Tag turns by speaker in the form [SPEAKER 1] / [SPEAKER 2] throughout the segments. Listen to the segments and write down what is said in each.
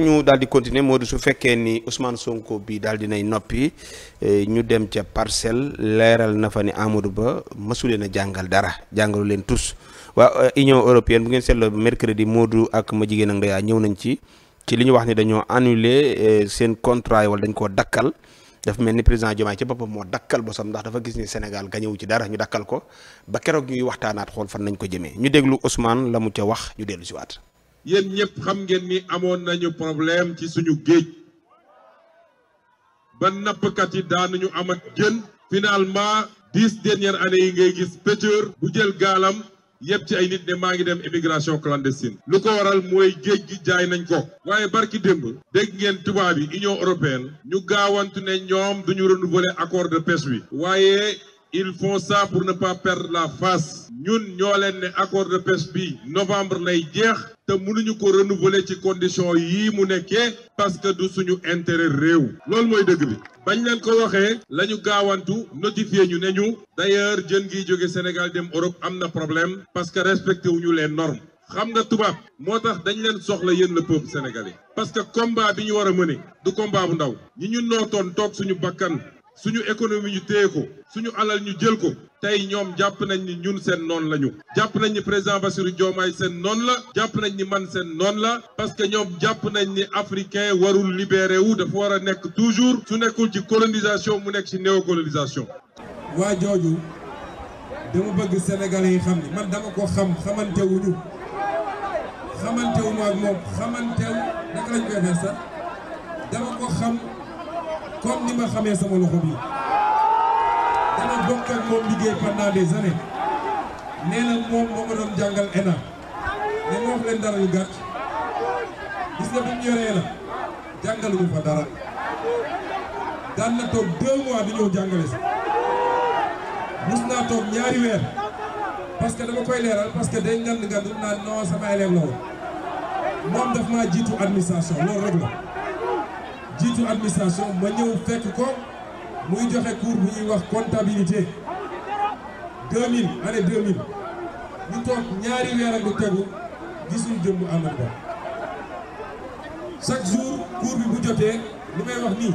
[SPEAKER 1] ñu daal di continuer moo di su fekkee ni Ousmane Sonko bi daal di nay noppi eh, ñu dem ca parcelle leeral na fa ni Amadou Ba mësu leen a jàngal dara jàngalu leen tous waa eh, Union européenne bu ngeen seetloo mercredi Modou ak ma jigéen ak yaa ñëw nañ ci ci li ñu wax ni dañoo annuler eh, seen contrat wala dañ koo dakkal dafa mel ni président Diomaye ci boppam moo dakkal bosam ndax dafa gis ni Sénégal gañëwu ci dara ñu dàkkal ko ba keroog ñuy waxtaanaat xool fan nañ ko jëmee ñu déglu Ousmane la mu ca wax ñu dellu si
[SPEAKER 2] yéen ñëpp xam ngeen ni amoon nañu problème ci suñu géej ba nappkat yi daanañu am ak jën finalement dis dernières années yi ngay gis pêcheur bu jël gaalam yëpp ci ay nit ne maa ngi dem immigration clandestine lu ko waral mooy géej gi jaay nañ ko waaye barki démb dégg ngeen tubaab yi union européenne ñu gaawantu ne ñoom duñu renouveler accord de pêche bi waaye il faut ça pour ne pas perdre la face ñun ñoo leen ne accord de pêche bi novembre lay jeex te mënuñu ko renouveler ci condition yii mu nekkee parce que du suñu intérêt réew loolu mooy dëgg bi bañ leen ko waxee la ñu gaawantu notifié ñu ne ñu d'ailleurs jën gi jóge Sénégal dem Europe am na problème parce que respecté wuñu les normes xam nga tubaab moo tax dañ leen soxla yéen le peuple sénégalais parce que combat bi ñu war a mëne du combat bu ndaw ñi ñu nootoon toog suñu bakkan suñu économie ñu téye ko suñu alal ñu jël ko tey ñoom jàpp nañ ni ñun seen noon la ñu jàpp nañ ni président Bassirou Diomaye seen noon la jàpp nañ ni man seen noon la parce que ñoom jàpp nañ ni africain warul libéré wu dafa war a nekk toujours su nekkul ci colonisation mu nekk ci néocolonisation waa jooju dama bëgg sénégal yi xam ni man dama ko xam xamante wuñu xamante wuñu ak moom xamante naka lañ koy sax dama ko xam comme ni ma xamee sama loxo bi dama bokk ak moom liggéey pendant des années nee na moom moo ma doon jàngal ENA ne ma leen dara lu gàtt gis nga bi ñu yoree la jàngaluñu fa dara daan na toog deux mois di ñëw jàngale si mus naa toog ñaari weer parce que dama koy leeral parce que day ngand ngand naan non sama élève la woon moom daf maa jiitu administration loolu rek la. jiitu administration ma ñëw fekk ko muy joxe cours bu ñuy wax comptabilité 2000 année 2000 ñu toog ñaari weer ak lu tegu gisul jëmbu Amadou Ba chaque jour cours bi bu jotee lu may wax nii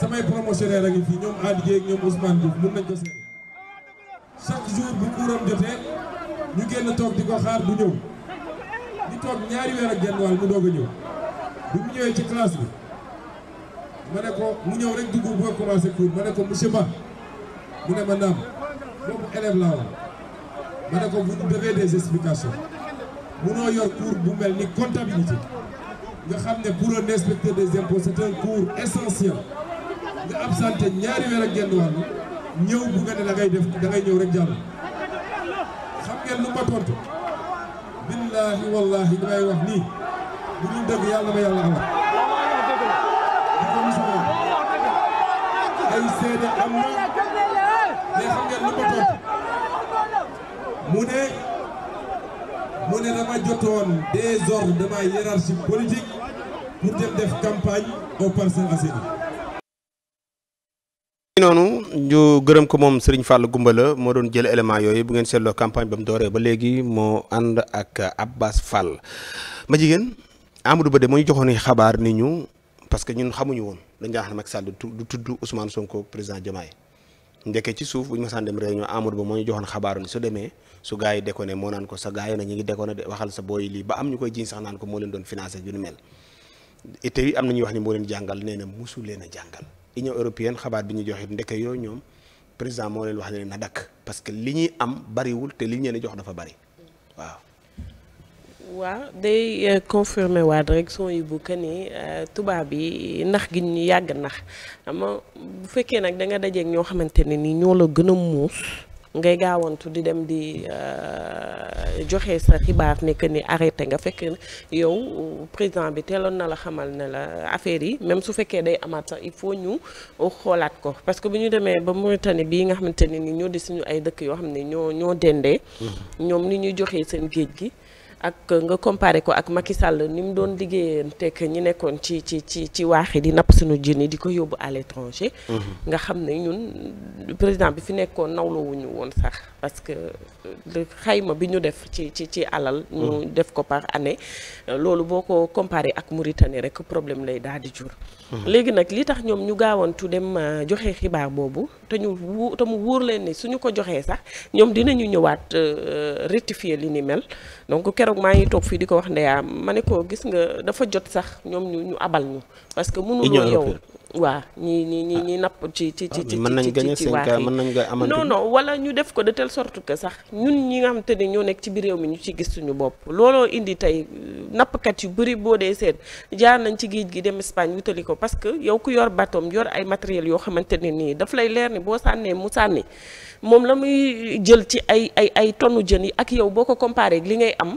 [SPEAKER 2] samay promotionnaire a ngi fii ñoom Adi Gueye ak ñoom Ousmane Diouf mun nañ ko seet bu kuuram jotee ñu génn toog di ko xaar du ñëw ñu toog ñaari weer ak genn wàll mu doog a ñëw bu mu ñëwee ci classe bi. ma ne ko mu ñëw rek dugg boo commencé cours ma ne ko monsieur Ba mu ne ma naam boobu élève laa woon ma ne ko vous nous devez des explications munoo yor cours bu mel ni comptabilité nga xam ne pour un inspecteur des impôts c'est un cours essentiel nga absenté ñaari weer ak genn wàll
[SPEAKER 3] ñëw bu nga ne da
[SPEAKER 2] ngay def da ngay ñëw rek jàll xam ngeen lu ma tontu billaahi wallaahi li wax nii bu ñu dëgg yàlla ma yàlla amal ay seede ko
[SPEAKER 1] noonu ñu gërëm ko moom Serigne Fallou Goumbala moo doon jël élément yooyu bu ngeen seetloo campagne ba mu dooree ba léegi moo ànd ak Abbas Fall ma jigéen Amadou Ba de moo ñu xabaar ni ñu parce que ñun xamuñu woon dañ daan wax ne Macky Sall du tudd Ousmane Sonko président Diomaye ndekkee ci suuf bu ñu masaan dem réunion Amadou Ba moo ñu joxoon xabaaru ni su demee su gars yi déconné moo naan ko sa gars yi na ñu ngi déconné de waxal sa booy lii ba am ñu koy jiñ sax naan ko moo leen doon financé ju ñu mel été yi am na ñuy wax ni moo leen jàngal nee musu leen a jàngal union européenne xabaar bi ñu joxe ndekkee yooyu ñoom président moo leen wax ne na dakk parce que li ñuy am bariwul te li leen jox dafa bari
[SPEAKER 3] waaw waaw day euh, confirmer waat rek son yi bu que ni euh, tubaab yi nax gi ñu yàgg nax ama bu fekkee nag da nga dajeeg ñoo xamante ne ni ñoo la gën a muus ngay gaawantu di dem di euh, joxe sa xibaar ne que ni arrêté nga fekk yow président bi teeloon na la xamal ne la affaire yi même su fekkee day amaat sax il faut ñu xoolaat ko parce que bu ñu demee ba Mauritanie bii nga xamante ne ni ñoo di suñu ay dëkk yoo xam ne ñoo ñoo dendee mmh. ñoom ni ñuy joxee seen géej gi ak nga comparé ko ak Macky Sall ni mu doon liggéeyanteeg ñi nekkoon ci ci ci ci waax yi di napp suñu jën yi di ko yóbbu à l'étranger mm-hmm. nga xam ne ñun président bi fi nekkoon nawloo woon sax parce que euh, xayma bi ñu def ci ci ci alal. ñu mm-hmm. def ko par année. Euh, loolu boo ko comparé ak Mauritanie rek problème lay daal di jur. Mm-hmm. léegi nag li tax ñoom ñu gaawantu dem euh, joxe xibaar boobu te ñu wu te mu wóor leen su ñu ko joxee sax ñoom dinañu ñëwaat rectifier li ni mel. donc keroog maa ngi toog fii di ko wax ndeyaa ma ne ko gis nga dafa jot sax ñoom ñu ñu abal ñu. parce que mënuloo yow waaw ñi ñi ñi ñi ah. napp ci ci ci ci ah, mën nañ gagné cinq ans mën nañ nga amal non non wala ñu def ko de telle sorte que sax ñun ñi nga xam te ñoo nekk ci biir réew mi ñu ci gis suñu bopp looloo indi tey euh, nappkat yu bëri boo dee seet jaar nañ ci géej gi dem Espagne wutali ko parce que yow ku yor batom yor ay matériel yoo xamante ne nii daf lay leer ni boo sànnee mu sànni moom la muy jël ci ay ay ay tonnu jën yi ak yow boo ko comparé li ngay am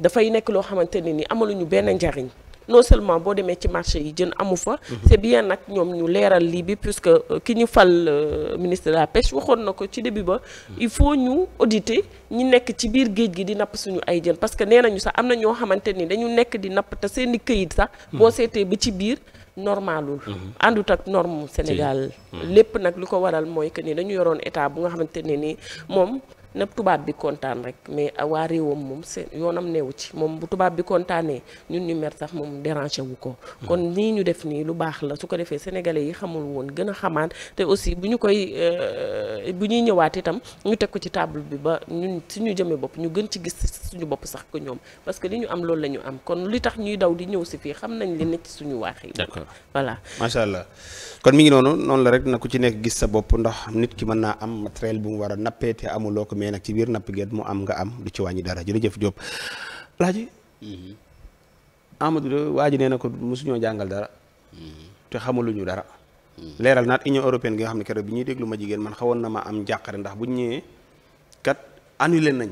[SPEAKER 3] dafay nekk loo xamante ne nii amaluñu benn njariñ non seulement boo demee ci marché yi jën amu fa mhm. c'est bien nag ñoom ñu leeral lii bi que euh, ki ñu fal euh, ministre de la pêche waxoon na ko ci début ba mhm. il faut ñu auditer ñi nekk ci biir géej gi di napp suñu ay jën parce que nee nañu sax am na ñoo xamante ni dañu nekk di napp te seeni këyit sax mhm. boo seetee ba ci biir normalul àndut ak norme Sénégal lépp nag lu ko waral mooy que ni dañu yoroon état bu nga xamante ne ni moom na tubaab bi kontaan rek mais waa réewam moom seen yoonam neewu ci moom bu tubaab bi kontaanee ñun ñu mer sax moom déranger wu ko. Hmm. kon nii ñu def nii lu baax la su ko defee sénégalais yi xamul woon gën a xamaan te aussi bu ñu koy euh, bu ñuy ñëwaat itam ñu teg ko ci table bi ba ñun suñu jëmee bopp ñu gën ci gis suñu bopp sax ko ñoom parce que li ñu am loolu la ñu am kon li tax ñuy daw di ñëw si fii xam nañ li nekk suñu waax yi. d'accord voilà
[SPEAKER 1] allah kon mi ngi noonu noonu la rek na ku ci nekk gis sa bopp ndox nit ki mën naa am matériel mu war a amuloo mais nag ci biir napp geet mu am nga am du ci wàññi dara jërëjëf Diop laaji mhm. Amadou de waa ji nee na ko mosuñoo jàngal dara mhm. te xamaluñu dara mhm. leeral naat union européenne gi nga xam ne keroog bi ñuy déglu ma jigéen man xawoon na ma am jàqare ndax bu ñu ñëwee kat annulé nañ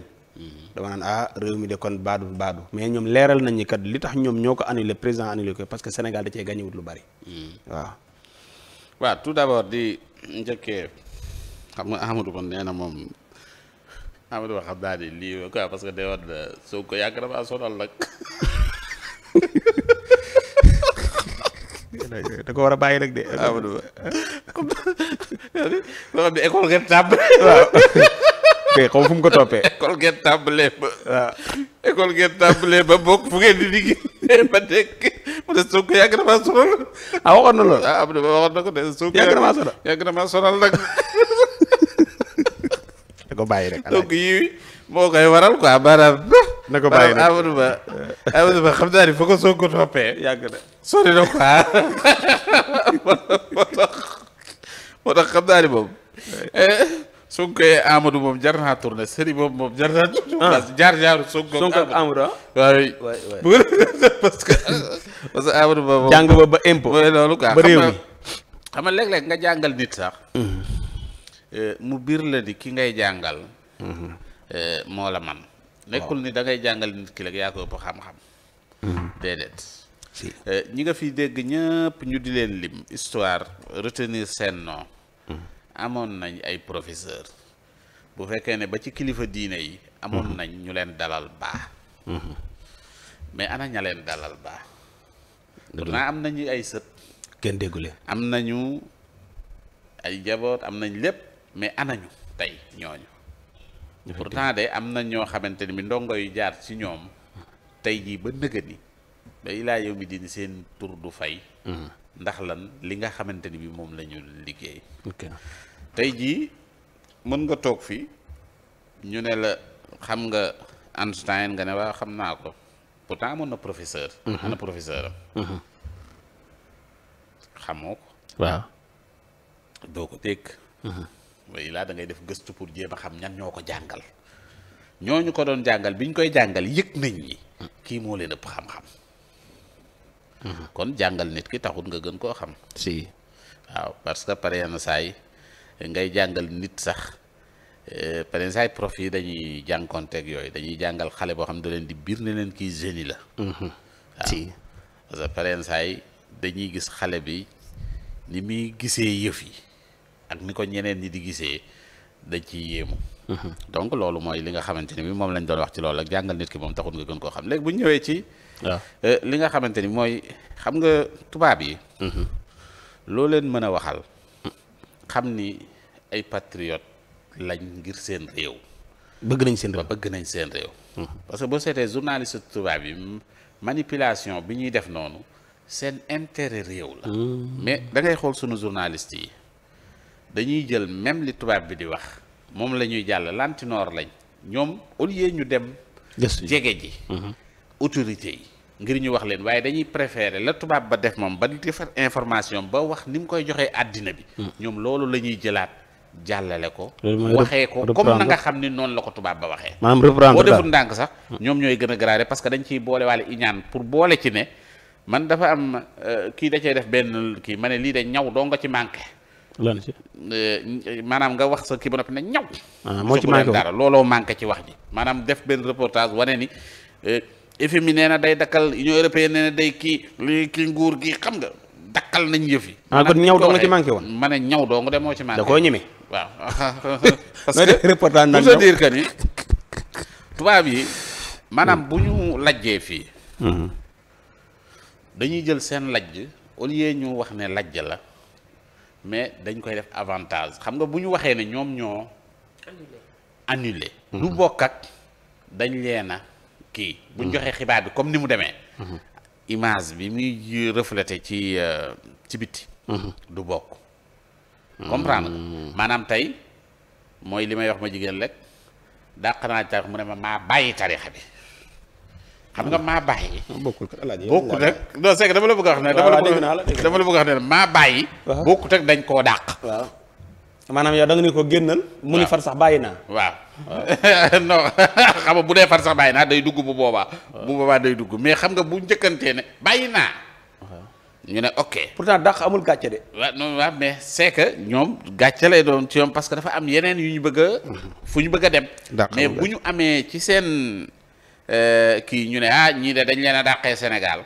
[SPEAKER 1] dama naan ah réew mi de kon baadu baadu mais ñoom leeral nañ ñi kat li tax ñoom ñoo ko annulé président annulé ko parce que Sénégal da cee gàññiwut lu bari waaw
[SPEAKER 4] waaw tout d'abord di njëkkee xam
[SPEAKER 1] nga Amadou kon na moom
[SPEAKER 4] Amadou Ba xam naa ne lii quoi parce que day war na soo ko yàgg na maa sonal nag.
[SPEAKER 1] da ko war a bàyyi rek de. Amadou
[SPEAKER 4] Ba xam ne école ngeen tàmbalee. ba. waaw école ngeen liggéey ba nekk mu ne soo ah, ah, ko yàgg na maa sonal nag. na ko bàyyi rek. donc yii moo koy waral quoi maanaam. na ko bàyyi rek maanaam Amadou Ba Amadou Ba xam naa ni fa soog ko toppee yàgg na. Eh, moom. jar jar naa tourné. Ah. jaar jaaru Sonko que parce que ba jàng ba ba impôt. mooy loolu nga léeg jàngal nit sax. Mm-hmm. Eh, mu biir la di ki ngay jàngal. Mhm. Eh, moo la man nekkul ni dangay ngay jàngal nit ki rek yaa ko ëpp xam-xam. Mhm. déedéet. si eh, ñi nga fi dégg ñëpp ñu di leen lim histoire retenir seen nom. Mhm. amoon nañ ay professeur bu fekkee ne ba ci kilifa diine yi. amoon nañ ñu leen dalal baax. mais ana ña leen dalal baax. naa am nañu ay sët. kenn déggu am nañu ay jaboot am nañ lépp. mais anañu tey ñooñu temps de am na ñoo xamante ni bi ndongo yu jaar ci ñoom tey jii ba nëga ni ba ilaa yow mi dini seen tur du fay hmm. ndax lan li nga xamante ni bi moom lañu liggéey tey jii mën nga toog fi ñu ne la xam nga Einstein nga ne waa xam naa ko pourtant amoon na professeur hmm. na professeur am hmm. xamoo ko waaw doo ko dégg way laa dangay def gëstu pour jéem a xam ñan ñoo ko jàngal ñu ko doon jàngal bi ñu koy jàngal yëg nañ ñi kii moo leen ëpp xam-xam mhm. kon jàngal nit ki taxut nga gën koo xam si waaw parce que pare yenn saa ngay jàngal nit sax eh, par exemple ay prof yi dañuy jànkonteeg yooyu dañuy jàngal xale boo xam da leen di biir ne leen kii génie la mhm. si parce que par saa dañuy gis xale bi ni muy gisee yëf yi ak ni ko ñeneen ñi di gisee dañ ci yéemu. Mhm. donc loolu mooy li nga xamante ni bi moom lañ doon wax ci loolu ak jàngal nit ki moom taxul nga gën koo xam léegi bu ci. Euh, li nga xamante ni mooy xam nga tubaab yi. Mhm. loo leen mën a waxal. xam ni ay patriote lañ ngir seen réew. bëgg nañ seen réew bëgg nañ seen réew. Mhm. parce que boo seetee journaliste tubaab yi manipulation bi ñuy def noonu seen intérêt réew la. Mm. mais da ngay xool sunu journaliste yi. dañuy jël même li tubaab bi di wax moom la ñuy jàll lantinoor lañ ñoom au lieu ñu dem jege ji mhm. autorité yi ngir ñu wax leen waaye dañuy préférer la tubaab ba def moom ba defar information ba wax ni mu koy joxee àddina bi hmm. ñoom loolu la ñuy jëlaat jàllale ko waxee ko comme na nga xam ni noonu la ko tubaab ba waxee maanaam reprendre boo deful ndànk sax hmm. ñoom ñooy gën a garaare parce que dañ ciy boole waale iñaan pour boole ci ne man dafa am euh, kii da cee def benn kii ma ne lii de ñaw doo nga ci manqué lan ci euh, maanaam nga wax sa kii ba noppi ne ñaw. Ah, moo ci manqué dara looloo manqué ci wax ji. maanaam def benn reportage wane ni euh, FMI nee na day dakkal Union européenne nee na day kii kii nguur gi xam nga dakkal nañ yëf yi. ah kon ñaw dong ci manqué woon. ma ne ñaw dong de ci manqué. koo ñeme. waaw parce que reportage nag ñëw dire yi. maanaam bu ñu lajjee fii. Hmm. dañuy jël seen lajj au lieu ñu wax ne lajj la. mais dañ koy def avantage xam nga bu ñu waxee ne ñoom ñoo annulé lu mhm. bokk ak dañ leen a kii buñ mhm. joxee xibaar bi comme ni mu demee mhm. image bi muy reflété ci euh, ci biti du bokk comprendre nga maanaam tey mooy li may wax ma jigéen rek dàq naa tarixa mu ne ma maa bàyyi tarixa bi xam nga maa bàyyi. bokkul ak alaaji bokkul ak la bëgg a ne. dama la la bëgg a maa bàyyi. waaw dañ koo dàq. maanaam
[SPEAKER 1] yow da nga ni ko génnal. waaw far sax bàyyi naa.
[SPEAKER 4] waaw non bu dee far sax bàyyi naa day dugg bu boobaa. bu boobaa day dugg mais xam nga bu njëkkantee ne bàyyi naa. ñu ne ok.
[SPEAKER 1] pourtant dàq amul gàcce de.
[SPEAKER 4] waaw non waaw ñoom gàcce lay doon ci ñoom parce que dafa am yeneen yu ñu bëgg a. Mhm. fu ñu bëgg a dem. mais bu ñu amee ci seen Euh, kii ñu ne ah ñii de dañ leen a dàqee Sénégal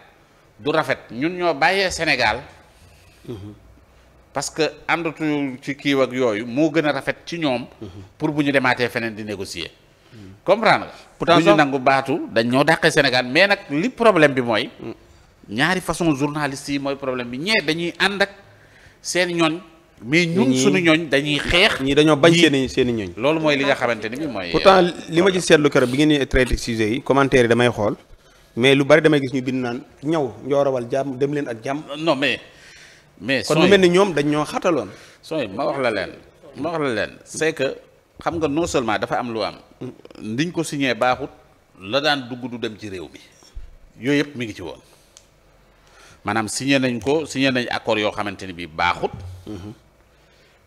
[SPEAKER 4] du rafet ñun ñoo bàyyee Sénégal mhm. parce que àndatu ci kii ak yooyu moo gën a rafet ci ñoom mhm. pour bu ñu demaatee feneen di négocier comprendre nga mhm. pourtant ñu nangu baatu dañ ñoo dàqee Sénégal mais nag li problème bi mooy mm. ñaari façon journaliste yi mooy problème bi ñee dañuy ànd ak seen ñooñ mais ñun suñu ñooñ dañuy xeex.
[SPEAKER 1] ñii dañoo bañ seen i seen i loolu mooy li nga xamante ni bi mooy. pourtant euh, li ma ci seetlu keroog bi ngeen di traité sujet yi commentaire yi damay xool mais lu bari damay gis ñu bind naan ñaw njoorawal jàmm dem leen ak jàmm. non mais mais. kon lu mel ñoom dañ ñoo xataloon. sooy la leen ma
[SPEAKER 4] wax la leen c'est que xam nga non seulement dafa am lu am. ndiñ ko signé baaxut la dugg du dem ci réew mi yooyu yëpp mi ngi ci woon maanaam signé nañ ko signé nañ accord yoo xamante ni bi baaxut. Mhm.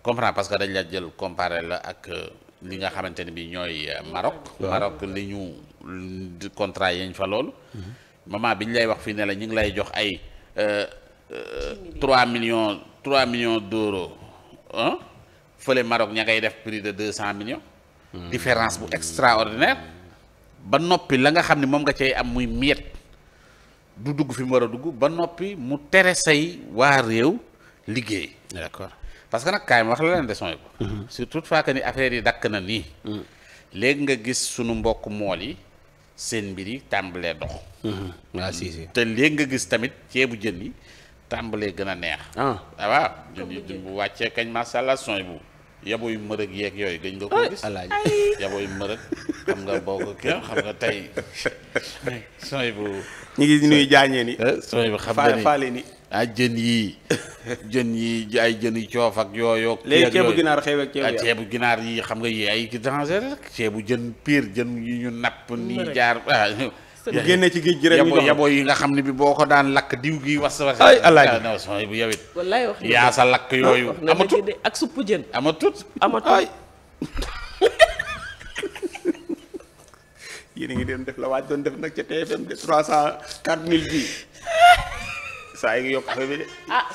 [SPEAKER 4] comprendre parce que dañ la jël comparé la ak euh, li nga xamante ne bi ñooy euh, Maroc Maroc li ñu contrat yañ fa loolu mhm. moment bi ñu lay wax fii ne la ñu ngi lay jox ay euh, trois millions trois millions d'euros ah fële Maroc ña ngay def prix de deux cent millions mhm. différence bu extraordinaire ba noppi la nga xam ne moom nga cay am muy miet du dugg fi mu war a dugg ba noppi mu tere say waa réew liggéey parce que nag kaay ma wax la leen de sooy ko mhm. surtout fois que ni affaire yi dakk na nii mhm. léegi nga gis sunu mbokk mool yi seen mbir yi tàmbalee dox waaw
[SPEAKER 1] mhm. ah,
[SPEAKER 4] te léegi nga gis tamit ceebu jën yi tàmbalee gën a neex ah, ah waaw jën yi jën bu wàccee kañ macha allah sooy bu yaboy mërëg yeeg yooyu gëñ nga ko gis alaaji yaboy mërëg xam nga boo ko kii xam nga tey
[SPEAKER 1] sooy bu ñu ngi nuyu jaañee ni eh, sooy bu xam nga faale ni
[SPEAKER 4] ah jën yii jën yi ay jën yi coof ak yooyoo. ceebu ginaar xew ak ceebu ginaar yi xam nga yi ay danger rek ceebu jën piir jën yu ñu napp nii jaar ah. ci géej gi yi nga xam ne bi boo ko daan lakk diw gi was was ay alaaji ah, non bu yawit
[SPEAKER 3] wallaay wax yaa sa lakk oh, yooyu
[SPEAKER 4] amatut ak supp jën amatut
[SPEAKER 1] amatut ay yéen a ngi doon def la waaj doon def nag ca TFM de trois cent quatre mille bi saa yi yokk
[SPEAKER 3] ah,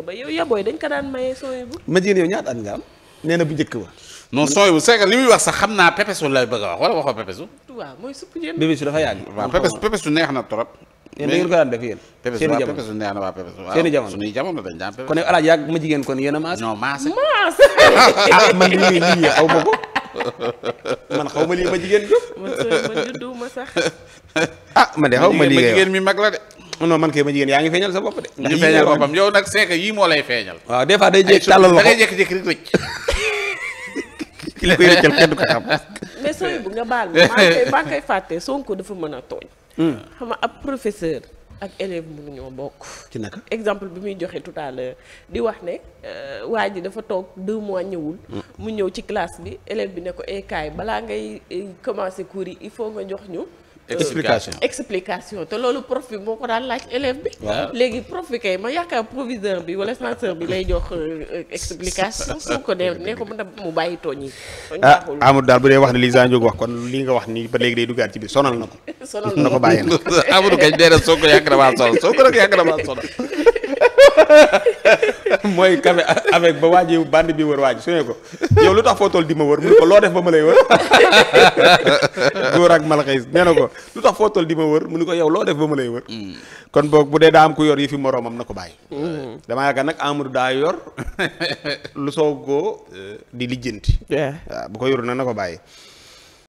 [SPEAKER 3] ba yow ya booy dañ ko daan maye sooy bu.
[SPEAKER 1] ma jigéen yow ñaata at nga am
[SPEAKER 4] nee bu njëkk ba. non sooy bu li muy wax sax xam naa pepesu lay a wax wala waxoo pepesu.
[SPEAKER 3] waaw neex
[SPEAKER 1] na trop. yéen da ngeen ko daan def yéen seen jamono pepesu neex na waa pepesu waaw seen jamono suñuy dañ daan alaaj yàgg ma jigéen kon yéen a ah, ma ko ma lii ma jigéen jóg ma sax ah man de xaw ma lii ma jigéen mi mag la de non man kay ma jigéen yaa ngi feeñal sa bopp de.
[SPEAKER 4] ndax feeñal yii moo lay feeñal.
[SPEAKER 1] waaw des fois day jékki tàllal loxo da ngay jékki-jékki rek
[SPEAKER 4] rëcc.
[SPEAKER 3] ki la koy rëccal ko dafa mën a tooñ. Hmm. xam nga ab professeur. ak élève mu ñoo bokk. ci naka exemple bi muy joxee tout di wax ne euh, waa ji dafa toog deux mois ñëwul. Hmm. mu ñëw ci classe bi élève bi ne ko eh kaay balaa ngay eh, commencer cours il faut nga jox ñu. explication explication te loolu prof bi moo ko daan laaj élève bi. léegi prof bi kay ma yaakaar proviseur bi wala censeur bi lay jox euh, explication soo ko dee nee ko mën a mu bàyyi tooñ yi. ah Amadou daal bu dee wax ne li
[SPEAKER 1] Zaa Ndiogou wax kon li nga wax ni ba léegi day duggaat ci biir sonal na ko.
[SPEAKER 3] sonal na ko bàyyi na Amadou kañ dee na soo ko yàgg damaa sonal soo ko yàgg damaa sonal.
[SPEAKER 1] mooy café avec ba waa ji bande bi wër waa ji su ne ko yow lu tax foo toll di ma wër mu ne ko loo def ba ma lay wër góor ak malaxis nee na di ma wër mu ko yow loo def ba ma lay wër mm. kon boog bu dee daa am ku yor yi fi moroomam na ko bàyyi mm-hmm. damaa yaakaar nag Amadou daa yor lu soog di lijjanti waaw bu ko yoru na na ko bàyyi